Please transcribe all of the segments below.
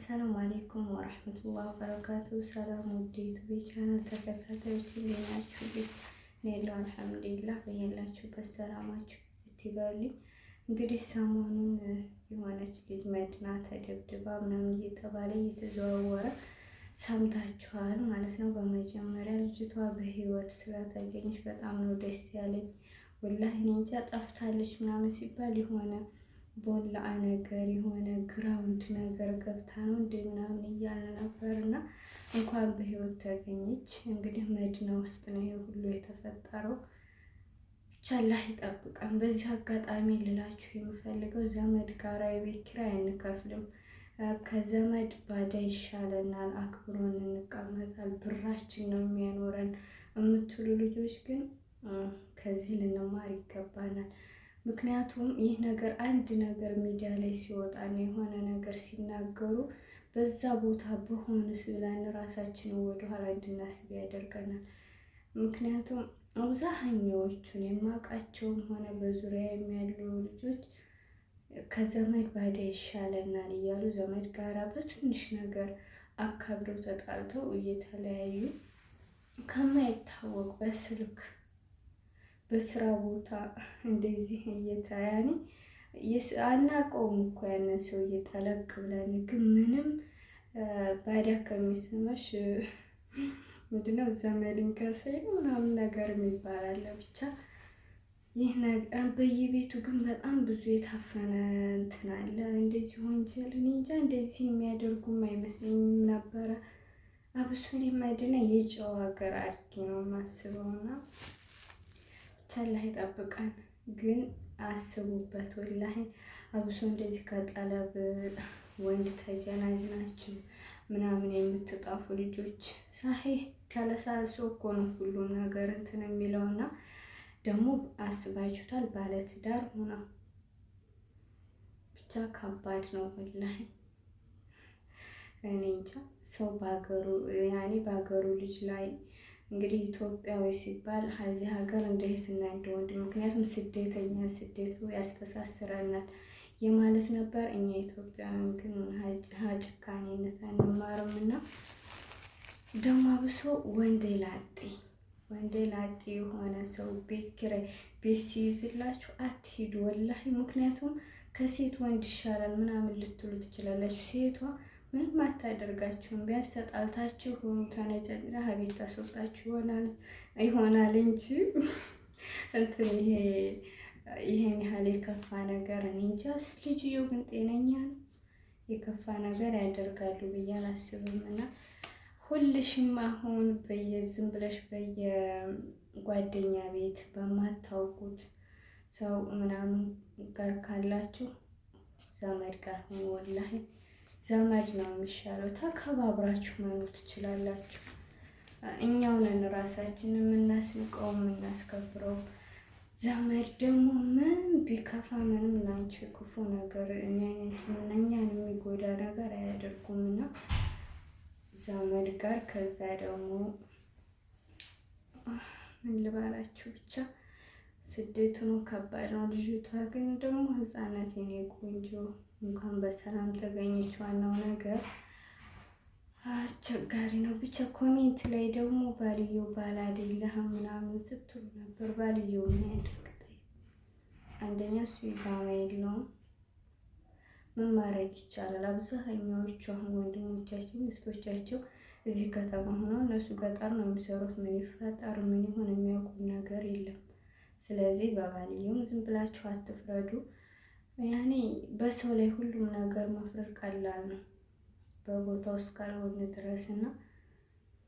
አሰላሙ አሌይኩም ወረህመቱላህ በረካቱ። ሰላም ውድ ዩቲዩብ ተከታታዮች እንዴት ናችሁ? ኔለው አልሐምዱሊላህ። በያላችሁበት ሰላማችሁ ስትበልኝ። እንግዲህ ሰሞኑን የሆነች ልጅ መድና ተደብድባ ምናምን እየተባለ እየተዘዋወረ ሰምታችኋል ማለት ነው። በመጀመሪያ ልጅቷ በህይወት ስላተገኘች በጣም ነው ደስ ያለኝ። ወላሂ እኔ እንጃ ጠፍታለች ምናምን ሲባል የሆነ ቦላ ነገር የሆነ ግራውንድ ነገር ገብታ ነው እንደ ምናምን እያለ ነበር እና እንኳን በህይወት ተገኘች። እንግዲህ መድና ውስጥ ነው ይሄ ሁሉ የተፈጠረው። ብቻ አላህ ይጠብቀን። በዚሁ አጋጣሚ ልላችሁ የምፈልገው ዘመድ ጋራ የቤት ኪራይ አንከፍልም። ከዘመድ ባዳ ይሻለናል። አክብሮን እንቀመጣል። ብራችን ነው የሚያኖረን የምትሉ ልጆች ግን ከዚህ ልንማር ይገባናል። ምክንያቱም ይህ ነገር አንድ ነገር ሚዲያ ላይ ነው የሆነ ነገር ሲናገሩ በዛ ቦታ በሆንስ ብለን ራሳችንን ወደኋላ እንድናስብ ያደርገናል። ምክንያቱም አብዛኛዎቹን የማውቃቸውም ሆነ በዙሪያ የሚያሉ ልጆች ከዘመድ ባዳ ይሻለናል እያሉ ዘመድ ጋራ በትንሽ ነገር አካብደው ተጣልተው እየተለያዩ ከማይታወቅ በስልክ በስራ ቦታ እንደዚህ እየተያኔ አናቀውም እኮ ያንን ሰው እየጠለቅ ብለን፣ ግን ምንም ባዳ ከሚሰማሽ ምንድነው ዘመድን ከሰይ ምናምን ነገር የሚባላለ ብቻ ይህ ነገር በየቤቱ ግን በጣም ብዙ የታፈነ እንትን አለ። እንደዚህ ወንጀል እኔ እንጃ እንደዚህ የሚያደርጉም አይመስለኝም ነበረ። አብሶን የማይድና የጨዋ ሀገር አድጌ ነው ማስበውና ቻላህ ይጠብቀን። ግን አስቡበት፣ ወላሂ አብሶ እንደዚህ ከጠለብ ወንድ ተጀናጅ ናችሁ ምናምን የምትጣፉ ልጆች ሳሄ ተለሳልሶ እኮ ነው ሁሉም ነገር እንትን የሚለውና ደግሞ አስባችሁታል። ባለትዳር ሆና ብቻ ከባድ ነው ወላሂ። እኔ እንጃ ሰው ባገሩ ያኔ በሀገሩ ልጅ ላይ እንግዲህ ኢትዮጵያዊ ሲባል ከዚህ ሀገር እንደ እህትና እንደ ወንድም፣ ምክንያቱም ስደተኛ ስደቱ ያስተሳስረናል የማለት ነበር። እኛ ኢትዮጵያውያን ግን ጭካኔነት አንማርም እና ደግሞ አብሶ ወንዴ ላጤ ወንዴ ላጤ የሆነ ሰው ቤት ኪራይ ቤት ሲይዝላችሁ አትሂዱ ወላሂ። ምክንያቱም ከሴት ወንድ ይሻላል ምናምን ልትሉ ትችላላችሁ። ሴቷ ምንም አታደርጋችሁም። ቢያንስ ተጣልታችሁ ተነጨጭራ ሀቤት ታስወጣችሁ ይሆናል ይሆናል እንጂ እንትን ይሄ ይሄን ያህል የከፋ ነገር እኔ እንጃ። ልጅየው ግን ጤነኛ ነው። የከፋ ነገር ያደርጋሉ ብዬ አላስብም። እና ሁልሽም አሁን በየዝም ብለሽ በየጓደኛ ቤት በማታውቁት ሰው ምናምን ጋር ካላችሁ ዘመድ ጋር ሆኖ ወላሂ ዘመድ ነው የሚሻለው። ተከባብራችሁ መኖር ትችላላችሁ። እኛውንን ራሳችን የምናስንቀው የምናስከብረው። ዘመድ ደግሞ ምን ቢከፋ ምንም ላንቺ ክፉ ነገር እኛን የሚጎዳ ነገር አያደርጉም እና ዘመድ ጋር ከዛ ደግሞ ምን ልባላችሁ ብቻ ስደት ሆኖ ከባድ ነው። ልጅቷ ግን ደግሞ ህፃነት የኔ ቆንጆ እንኳን በሰላም ተገኘች። ዋናው ነገር አስቸጋሪ ነው። ብቻ ኮሜንት ላይ ደግሞ ባልየው ባል አይደለህም ምናምን ስትሉ ነበር። ባልየው ምን ያደርግታል? አንደኛ እሱ ኢቃማ የለውም። ምን ማድረግ ይቻላል? አብዛኛዎቹ አሁን ወንድሞቻችን ሚስቶቻቸው እዚህ ከተማ ሆነው እነሱ ገጠር ነው የሚሰሩት። ምን ይፈጠር ምን ይሆን የሚያውቁ ነገር የለም። ስለዚህ በባልየውም ዝም ብላችሁ አትፍረዱ። ያኔ በሰው ላይ ሁሉም ነገር መፍረድ ቀላል ነው በቦታው እስካልሆነ ድረስ እና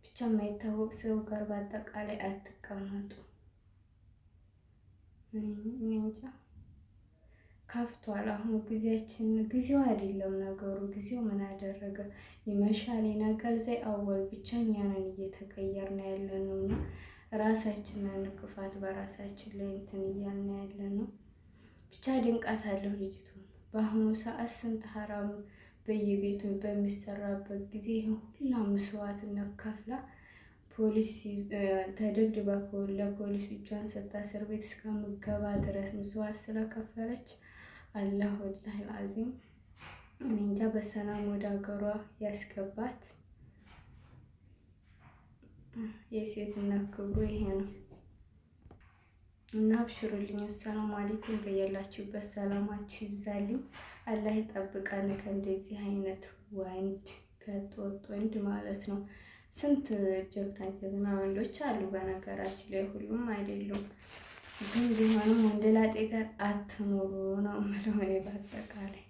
ብቻ የማይታወቅ ሰው ጋር በአጠቃላይ አትቀመጡ። እንጃ ከፍቷል። አሁን ጊዜያችን ጊዜው አይደለም ነገሩ። ጊዜው ምን አደረገ? ይመሻል፣ ነገር ዘይ አወል ብቻ እኛ ነን እየተቀየርን ያለ ነው እና ራሳችንን ክፋት በራሳችን ላይ እንትን እያልን ያለ ነው። ብቻ አለው ልጅቱ። በአሁኑ ሰዓት ስንት ሀራም በየቤቱ በሚሰራበት ጊዜ ሁላ መስዋዕትነት ከፍላ ፖሊስ ተደብድባ ለፖሊስ እጇን ሰጥታ እስር ቤት እስከምገባ ድረስ መስዋዕት ስለከፈለች አላህ ወላሂ አዚም እኔ እንጃ በሰላም ወደ ሀገሯ ያስገባት። የሴትነት ክብሩ ይሄ ነው እና አብሽሩልኝ። ሰላም አለይኩም። በያላችሁበት ሰላማችሁ ይብዛልኝ። አላህ ይጠብቀን ከእንደዚህ አይነት ወንድ ከጦጥ ወንድ ማለት ነው። ስንት ጀግና ጀግና ወንዶች አሉ። በነገራችን ላይ ሁሉም አይደሉም፣ ግን ቢሆንም ወንደ ላጤ ጋር አትኖሩ ነው የምለው እኔ በአጠቃላይ